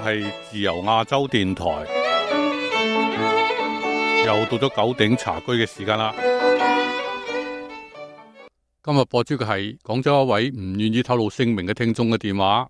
係自由亞洲電台，嗯、又到咗九鼎茶居嘅時間啦。今日播出嘅係廣州一位唔願意透露姓名嘅聽眾嘅電話。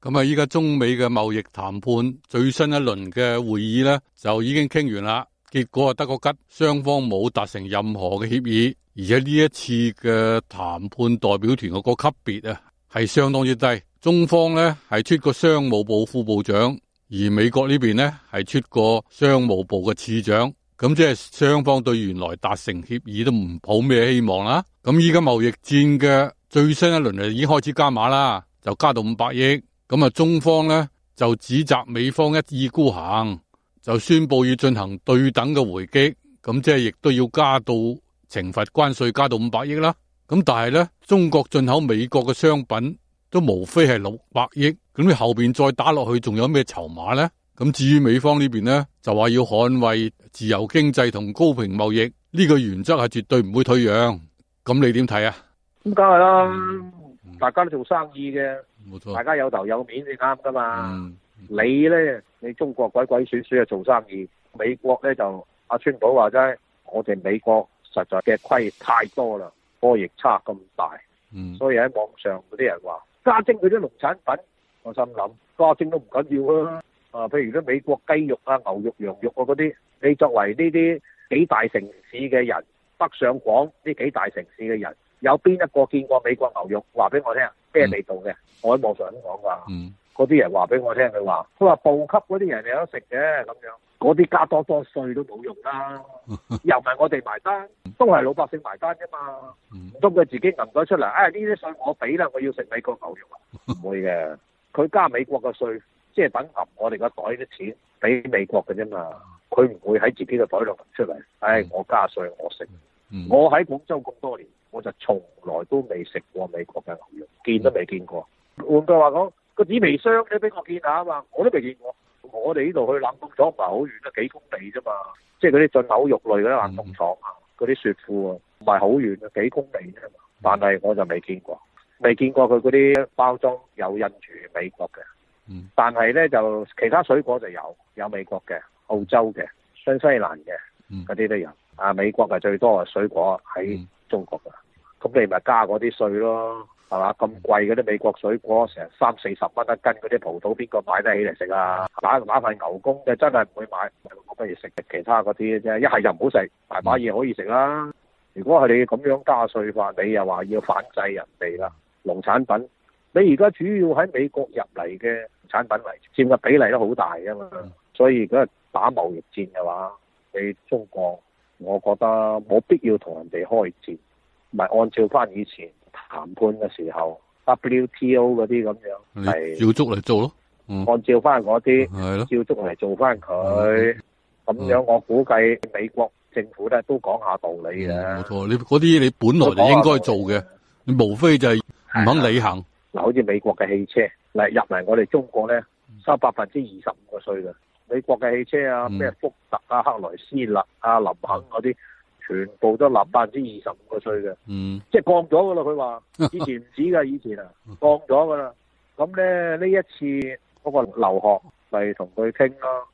咁啊，依家中美嘅貿易談判最新一輪嘅會議呢，就已經傾完啦。結果啊，得個吉，雙方冇達成任何嘅協議，而且呢一次嘅談判代表團嘅個級別啊。係相當之低，中方呢係出過商務部副部長，而美國呢邊呢係出過商務部嘅次長，咁即係雙方對原來達成協議都唔抱咩希望啦。咁依家貿易戰嘅最新一輪啊，已經開始加碼啦，就加到五百億。咁啊，中方呢就指責美方一意孤行，就宣布要進行對等嘅回擊，咁即係亦都要加到懲罰關稅，加到五百億啦。咁但係咧，中國進口美國嘅商品，都無非係六百億，咁你後邊再打落去，仲有咩籌碼咧？咁至於美方呢邊咧，就話要捍衛自由經濟同公平貿易呢個原則係絕對唔會退讓。咁你點睇啊？咁梗係啦，嗯、大家都做生意嘅，冇錯、大家有頭有面先啱噶嘛。嗯、你咧，你中國鬼鬼祟祟啊做生意，美國咧就阿川普話齋，我哋美國實在嘅虧太多啦。波逆差咁大，嗯、所以喺網上嗰啲人話加徵嗰啲農產品，我心諗加徵都唔緊要啊！啊，譬如咧美國雞肉啊、牛肉、羊肉啊嗰啲，你作為呢啲幾大城市嘅人，北上廣呢幾大城市嘅人，有邊一個見過美國牛肉？話俾我聽咩味道嘅？我喺網上咁講噶，嗰啲人話俾我聽，佢話佢話部級嗰啲人有得食嘅咁樣。嗰啲加多多稅都冇用啦，啊， 又唔係我哋埋單，都係老百姓埋單啫嘛，唔通佢自己揜咗出嚟？哎，呢啲稅我俾啦，我要食美國牛肉啊！唔 會嘅，佢加美國嘅稅，即係等合我哋個袋啲錢俾美國嘅啫嘛，佢唔會喺自己嘅袋度出嚟。哎， 我加稅我食， 我喺廣州咁多年，我就從來都未食過美國嘅牛肉，見都未見過。換 句話講，個紙皮箱你俾我見下啊嘛，我都未見過。我哋呢度去冷凍廠唔係好遠啊，幾公里啫嘛，即係嗰啲進口肉類嗰啲冷凍廠啊，嗰啲、嗯、雪庫啊，唔係好遠啊，幾公里啫嘛。嗯、但係我就未見過，未見過佢嗰啲包裝有印住美國嘅。嗯。但係咧就其他水果就有，有美國嘅、澳洲嘅、新西蘭嘅嗰啲都有。啊，美國係最多係水果喺中國㗎，咁、嗯、你咪加嗰啲稅咯。係嘛？咁貴嗰啲美國水果，成三四十蚊一斤嗰啲葡萄，邊個買得起嚟食啊？打打份牛工嘅真係唔會買，咁個乜嘢食？其他嗰啲啫，一係就唔好食，大把嘢可以食啦、啊。如果係你咁樣加稅話，你又話要反制人哋啦，農產品。你而家主要喺美國入嚟嘅產品嚟，佔嘅比例都好大啊嘛。所以如果係打貿易戰嘅話，你中國，我覺得冇必要同人哋開戰，咪按照翻以前。談判嘅時候，WTO 嗰啲咁樣係照足嚟做咯。嗯、按照翻嗰啲，的照足嚟做翻佢。咁的樣的我估計美國政府咧都講下道理嘅。冇錯、嗯，你嗰啲你本來就應該做嘅，你無非就係唔肯履行。嗱，好似美國嘅汽車嚟入嚟我哋中國咧，收百分之二十五個稅嘅，美國嘅汽車啊，咩、嗯、福特啊、克萊斯勒啊、林肯嗰啲。全部都立百分之二十五個稅嘅，嗯，即係降咗噶啦。佢話以前唔止噶，以前啊降咗噶啦。咁咧呢這一次嗰個留學咪同佢傾咯，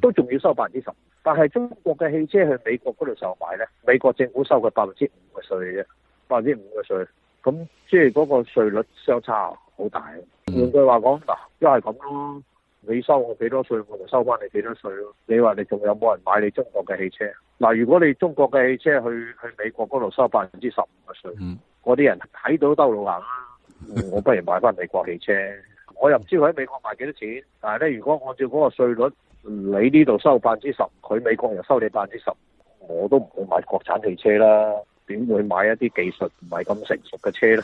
都仲要收百分之十。但係中國嘅汽車去美國嗰度上買咧，美國政府收嘅百分之五嘅稅嘅，百分之五嘅稅。咁即係嗰個稅率相差好大。用句話講嗱，都係咁咯，你收我幾多稅，我就收翻你幾多稅咯。你話你仲有冇人買你中國嘅汽車？嗱，如果你中國嘅汽車去去美國嗰度收百分之十五嘅稅，嗰啲，嗯、人睇到兜路行，我不如買翻美國汽車。我又唔知佢喺美國賣幾多錢，但係咧，如果按照嗰個稅率，你呢度收百分之十，佢美國又收你百分之十，我都唔會買國產汽車啦。點會買一啲技術唔係咁成熟嘅車呢？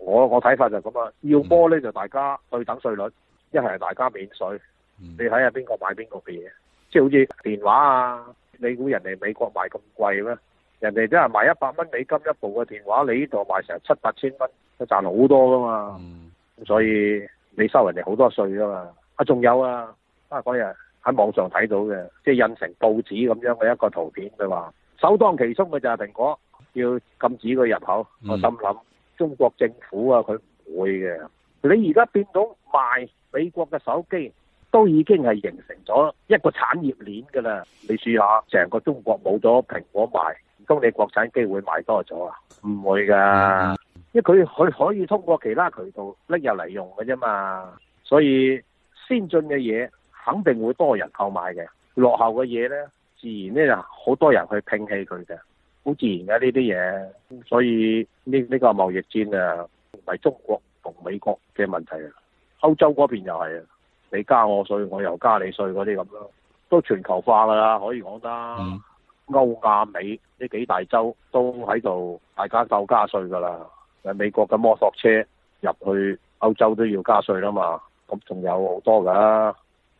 我我睇法就咁啊，要波呢，就大家去等稅率，一係大家免稅。你睇下邊個買邊個嘅嘢，即係好似電話啊。你估人哋美國賣咁貴咩？人哋即係賣一百蚊美金一部嘅電話，你呢度賣成七八千蚊，都賺好多噶嘛。咁、嗯、所以你收人哋好多稅噶嘛。啊，仲有啊，啊嗰日喺網上睇到嘅，即係印成報紙咁樣嘅一個圖片，佢話首當其衝嘅就係蘋果要禁止佢入口。嗯、我心諗中國政府啊，佢唔會嘅。你而家變到賣美國嘅手機。都已經係形成咗一個產業鏈噶啦，你試下成個中國冇咗蘋果賣，唔通你國產機會賣多咗啊？唔會噶，因為佢佢可以通過其他渠道拎入嚟用㗎啫嘛。所以先進嘅嘢肯定會多人購買嘅，落後嘅嘢呢自然呢就好多人去摒棄佢嘅，好自然嘅呢啲嘢。所以呢呢個貿易戰啊，唔係中國同美國嘅問題啊，歐洲嗰邊又係啊。你加我稅，我又加你稅嗰啲咁咯，都全球化噶啦，可以講得、嗯、歐亞美呢幾大洲都喺度，大家鬥加稅噶啦。誒，美國嘅摩托車入去歐洲都要加稅啦嘛，咁仲有好多噶，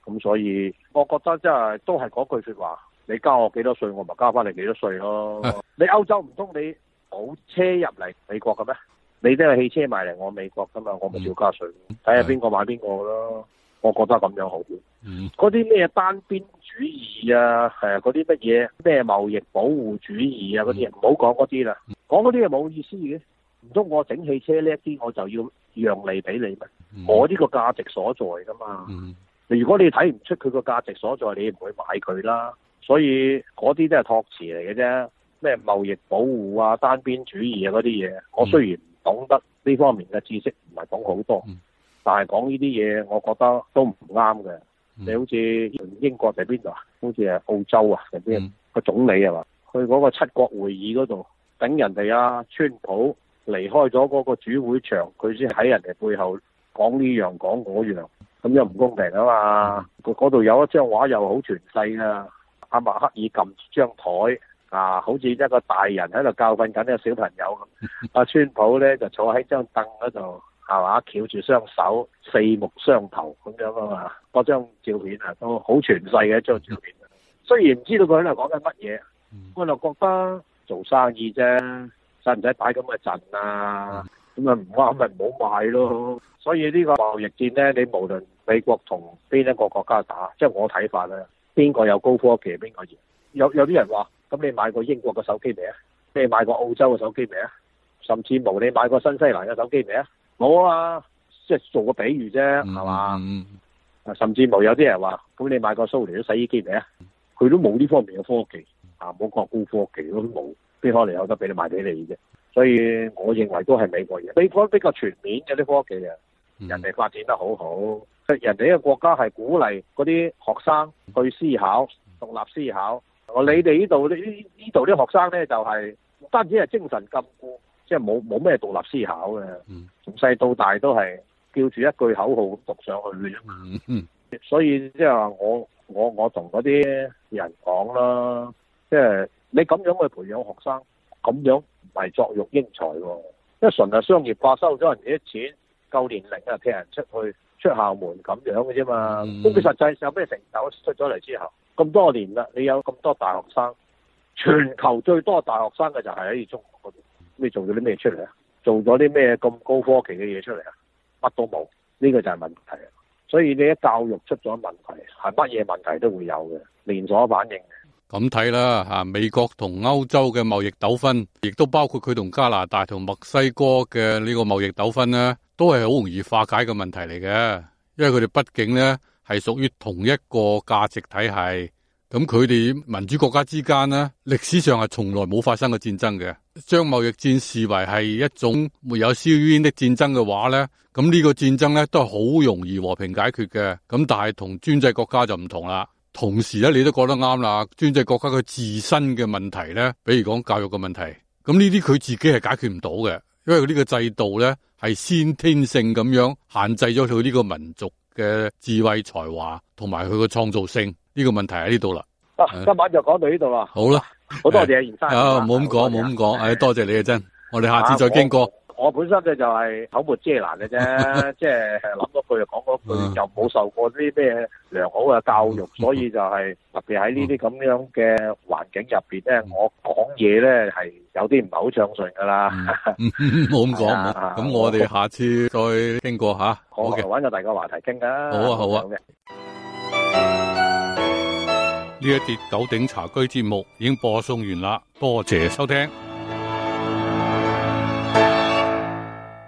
咁所以我覺得即係都係嗰句說話，你加我幾多稅，我咪加翻你幾多稅咯。是你歐洲唔通你冇車入嚟美國嘅咩？你即係汽車賣嚟我，我美國噶嘛，我咪要加稅，睇下邊個買邊個咯。是我覺得咁樣好嘅，嗰啲咩單邊主義啊，係嗰啲乜嘢咩貿易保護主義啊嗰啲，唔好講嗰啲啦，講嗰啲嘢冇意思嘅。唔通我整汽車叻啲，我就要讓利俾你咩？嗯、我呢個價值所在㗎嘛。嗯、如果你睇唔出佢個價值所在，你唔會買佢啦。所以嗰啲都係託詞嚟嘅啫。咩貿易保護啊、單邊主義啊嗰啲嘢，我雖然唔懂得呢、嗯、方面嘅知識，唔係懂好多。嗯但係講呢啲嘢，我覺得都唔啱嘅。你好似英國定邊度啊？嗯、好似係澳洲啊，定邊個總理係嘛？去嗰個七國會議嗰度，等人哋啊。川普離開咗嗰個主會場，佢先喺人哋背後講呢樣講嗰樣，咁又唔公平啊嘛！佢嗰度有一張畫又好全細啊，阿默克爾撳住張枱啊，好似一個大人喺度教訓緊一個小朋友咁。阿、 啊、川普咧就坐喺張凳嗰度。係嘛，翹住雙手，四目相投咁樣啊嘛，嗰張照片啊都好傳世嘅一張照片，雖然唔知道佢喺度講緊乜嘢，我、嗯、就覺得做生意啫，使唔使擺咁嘅陣啊？咁啊唔啱咪唔好買咯。所以呢個貿易戰咧，你無論美國同邊一個國家打，即係我睇法咧，邊個有高科技，邊個贏。有有啲人話，咁你買過英國嘅手機未啊？你買過澳洲嘅手機未啊？甚至無你買過新西蘭嘅手機未啊？冇啊，即係做個比喻啫，係嘛、嗯？是吧？甚至冇有啲人話，咁你買個蘇黎洗衣機未啊？佢都冇呢方面嘅科技，啊，冇國高科技都冇，邊可能有得俾你賣俾你啫？所以我認為都係美國人，美國比較全面嘅啲科技啊，人哋發展得好好。人哋嘅國家係鼓勵嗰啲學生去思考、獨立思考。我你哋呢度呢呢度啲學生咧、就是，就係單單止係精神禁錮。即係冇冇咩獨立思考嘅，從細到大都係叫住一句口號咁讀上去啫嘛。 所以即係話我我我同嗰啲人講啦，即係你咁樣去培養學生，咁樣唔係作育英才喎。因為純係商業化收咗人哋啲錢，夠年齡啊，踢人出去出校門咁樣嘅啫嘛。咁佢 實際有咩成就出咗嚟之後，咁多年啦，你有咁多大學生，全球最多大學生嘅就係喺中你做咗啲咩出嚟啊？做咗啲咩咁高科技嘅嘢出嚟啊？乜都冇，呢個就係問題啊！所以你一教育出咗問題，係乜嘢問題都會有嘅，連鎖反應。咁睇啦，吓美國同歐洲嘅貿易糾紛，亦都包括佢同加拿大同墨西哥嘅呢個貿易糾紛咧，都係好容易化解嘅問題嚟嘅，因為佢哋畢竟咧係屬於同一個價值體系。咁佢哋民主國家之間呢，歷史上係從來冇發生過戰爭嘅。將貿易戰視為係一種沒有硝煙的戰爭嘅話呢，咁呢個戰爭呢，都係好容易和平解決嘅。咁但係同專制國家就唔同啦。同時咧，你都覺得啱啦，專制國家佢自身嘅問題呢，比如講教育嘅問題，咁呢啲佢自己係解決唔到嘅，因為佢呢個制度呢，係先天性咁樣限制咗佢呢個民族嘅智慧才華同埋佢嘅創造性。呢個問題喺呢度啦，今晚就講到呢度啦。好啦，好多謝先生。啊，冇咁講，冇咁講，唉，多謝你啊真。我哋下次再經過。我本身就係口沫遮難嘅啫，即係諗嗰句又講嗰句，又冇受過啲咩良好嘅教育，所以就係特別喺呢啲咁樣嘅環境入邊咧，我講嘢咧係有啲唔係好暢順噶啦。冇咁講，咁我哋下次再經過吓。好嘅，搵個第二個話題傾啊。好啊，好啊。呢一節九鼎茶居節目已經播送完啦，多謝收聽。